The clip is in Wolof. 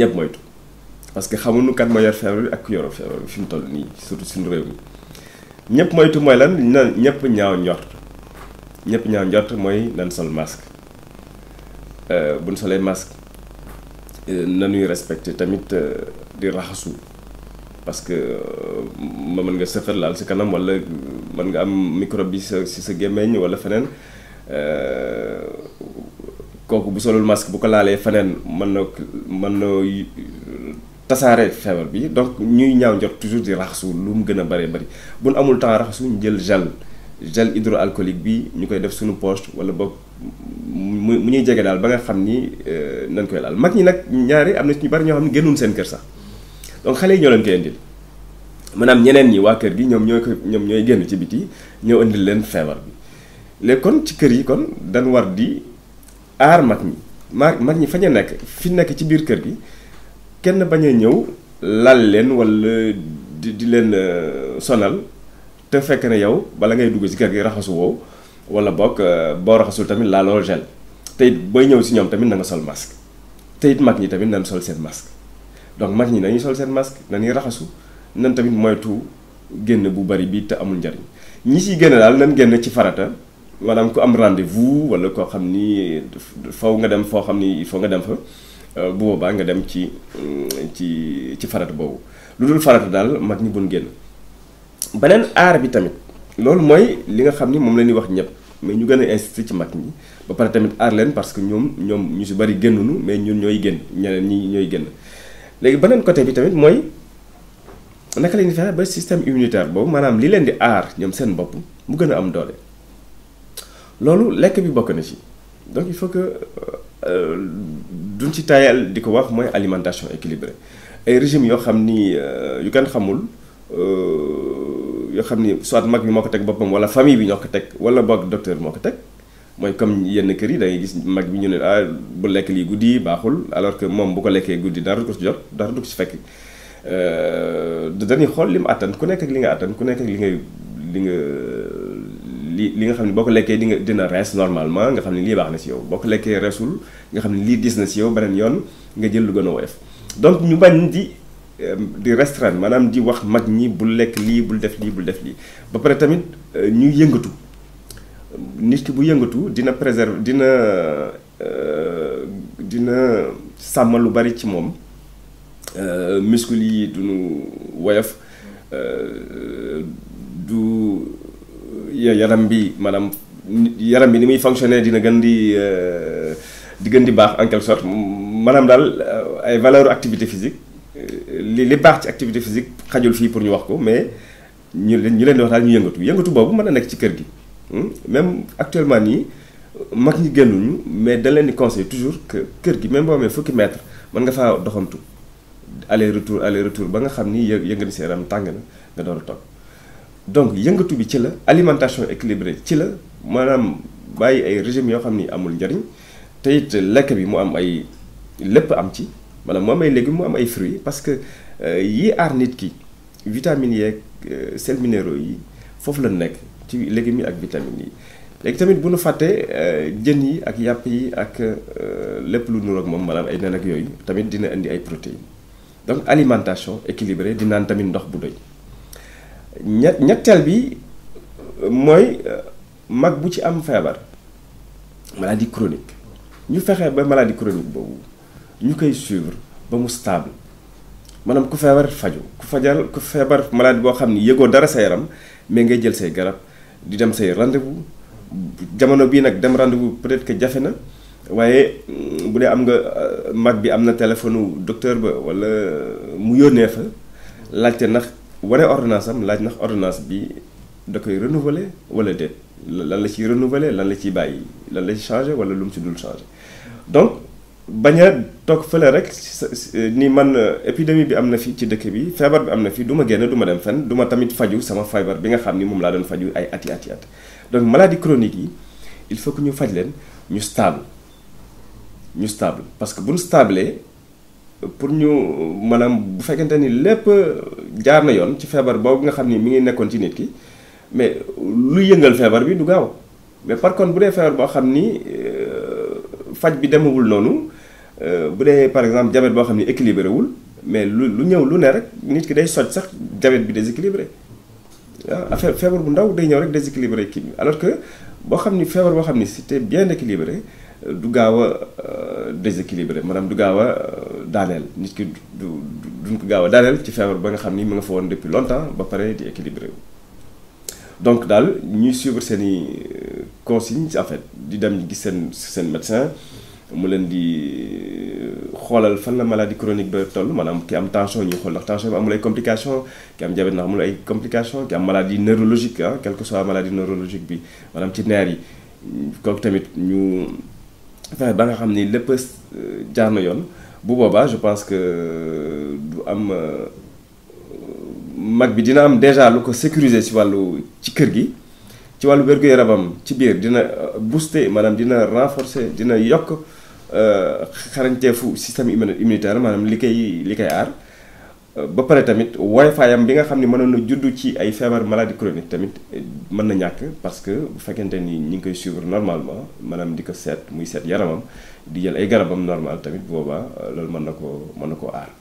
ñëpp moytu parce que xamuñu kan moo yor feebar bi ak ku yorul feebar bi fi mu toll nii surtout suñu réew mi ñëpp moytu mooy lan na ñëpp ñaaw njort ñëpp ñaaw njort mooy nan sol masque euh, buñ solee masque euh, nanuy respecté tamit euh, di raxasu parce que ma mën nga sëqat laal si kanam wala mën nga am microbe bi sa si sa gémmiñ wala feneen kooku bu solul masque bu ko laalee feneen man na man na tasaare feebar bi donc ñuy ñaaw njot toujours di raxasu lu mu gën a bëree bari bu nu amul temps raxasu ñu jël gel gel hydroalcoolique bi ñu koy def suñu poche wala boog mu mu ñuy jege daal ba nga xam ni euh, nañ koy laal mag ñi nag ñaari am na ci ñu bari ñoo xam ne génnuñ seen kër sax donc xale yi ñoo leen koy indil maanaam ñeneen ñi waa kër gi ñoom ñooy ñoom ñooy génn ci biti ñoo indil leen feebar bi léegi kon ci kër aar mag ñi mag ñi fañ a nekk fi nekk ci biir kër gi kenn bañ a ñëw lal leen wala di di leen euh, sonal te fekk ne yow bala ngay dugg ci kër gi raxasu woow wala bokk euh, boo raxasul tamit laaloo gel te it booy ñëw si ñoom tamit na nga sol masque teyit mag ñi tamit nañ sol seen masque donc mag ñi nañuy sol seen masque nañuy raxasu nan tamit moytu génn bu bari bi te amul njariñ ñi siy génn daal nan génn ci farata maanaam ku am rendez-vous wala koo xam ni faw nga dem foo xam ni il faut nga dem fa euh, bu boobaa nga dem ci mm, ci ci farata boobu lu dul farata daal mag ñi buñ génn beneen aar bi tamit loolu mooy li nga xam ni moom la ñuy wax ñëpp mais ñu gën a insister ci mag ñi ba pare tamit aar leen parce que ñoom ñoom ñu si bari génnuñu mais ñun ñooy génn ñeneen ñi ñooy génn léegi beneen côté bi tamit mooy naka la ñuy fexe ba système immunitaire boobu maanaam li leen di aar ñoom seen bopp mu gën a am doole loolu lekk bi bokk na donc il faut que euh, duñ ci tayal di wax alimentation équilibrée ay régime yoo xam ni euh, yu xamul euh, ni soit mag famille bi ñoo wala docteur moo ko comme yenn kër da gis mag bi ñu ne ah, bu alors que moom bu ko lekkee guddi dara du ko si jot dara du ko si fekk dañuy xool ku nekk li nga ku nekk li nga xamni boko lekke di nga dina res normalement nga xamni li baxna ci yow boko lekke resul nga xamni li disna ci yow benen yoon nga jël lu gëna a donc ñu bañ di euh, di restreindre manam di wax mag ñi li lekk li bu def li bu def li ba pare tamit euh, ñu yëngatu nit ki bu yëngatu dina préserve dina euh, dina sàmm lu bari ci euh muscle yi duñu euh du yaram bi maanaam yaram bi ni muy fonctionner dina gën di euh, di gën di baax en quelque sorte maanaam daal euh, ay valeur activité physique euh, li li baax ci activité physique xajul fii pour ñu wax ko mais ñu leen ñu leen di wax daal ñu yëngatu yëngatu boobu mën na nekk ci kër gi hmm? même actuellement nii mag ñi génnuñu mais da leen di conseil toujours kër gi même boo amee fukki mètre mën nga faa doxantu aller retour aller retour ba nga xam ni yë yëngati seen yaram tàng na nga door donc yëngatu bi ci la alimentation équilibrée ci la maanaam bàyyi ay régime yoo xam ni amul njariñ te it lekk bi mu am ay lépp am ci maanaam mu am ay légumes mu am ay fruits parce que euh, yi aar nit ki vitamines yeeg euh, sel minéraux yi foofu la nekk ci légumes yi ak vitamines yi léegi tamit bu nu fàttee euh, jën yi ak yàpp yi ak lépp lu nuroog moom maanaam ay nen ak yooyu tamit dina indi ay protéines donc alimentation équilibrée di tamit ndox bu doy ñett ñetteel bi mooy euh, mag bu ci am feebar maladie chronique ñu fexe ba maladie chronique boobu ñu koy suivre ba mu stable maanaam ku feebar faju ku fajal ku feebar maladie boo xam ni yëgoo dara sa yaram mais ngay jël say garab di dem say rendez-vous jamono bii nag dem rendez-vous peut-être que jafe na waaye mm, bu dee am nga euh, mag bi am na téléphone docteur ba walla mu yónnee fa laajte nax wane ordonnance am laaj ndax ordonnance bi da koy renouveler wala déet lan la ciy renouveler lan la ciy bàyyi lan la ci changer wala lu mu ci dul changer donc bañ a toog fële rek ni man euh, épidémie bi am na fi ci dëkk bi feebar bi am na fi du ma génn du ma dem fenn du ma tamit faju sama feebar bi nga xam ni moom laa doon faju ay ati ati at donc maladie chronique yi il faut que ñu faj leen ñu stable ñu stable parce que bu ñu stable pour ñu maanaam bu fekkente ni lépp jaar na yoon ci feebar boobu nga xam ni mi ngi nekkoon ci nit ki mais lu yëngal feebar bi du gaaw mais par contre bu dee feebar boo xam ni euh, faj bi demawul noonu euh, bu dee par exemple diabète boo xam ni équilibré wul mais lu lu ñëw lu ne rek nit ki day soj sax diabète bi déséquilibré waaw ah, affaire feebar bu ndaw day ñëw rek déséquilibré kii alors que boo xam ni feebar boo xam ni c'était bien équilibré du gaaw euh, déséquilibré maanaam du gaaw a euh, daaneel nit ki du duñ ko gaaw a daaneel ci feebar ba nga xam ni nga fa woon depuis longtemps ba pare di équilibré wu. donc daal ñuy suivre seen i euh, consignes en fait di dem gis seen seen médecin mu leen di xoolal fan la maladie chronique ba toll maanaam ki am tension ñuy xool ndax tension bi amul ay complication ki am diabète ndax amul ay complication ki am maladie neurologique ah quelque soit maladie neurologique bi maanaam ci nerf yi kooku tamit ñu fexe ba nga xam ni lépp euh, jaar na yoon bu boobaa je pense que du am euh, mag bi dina am déjà lu ko sécuriser ci wàllu ci kër gi ci wàllu wér yarabam ci biir dina euh, booster maanaam dina renforcer dina yokk xarañteefu système immunitaire maanaam li koy li koy aar ba pare tamit wi bi nga xam ne mënoon na juddu ci ay feebar maladie tamit eh, mën na ñàkk parce que bu fekkente ni ñu ngi koy suivre normalement maanaam di ko seet muy seet yaramam di jël ay garabam normal tamit boobaa loolu mën na ko mën na ko aar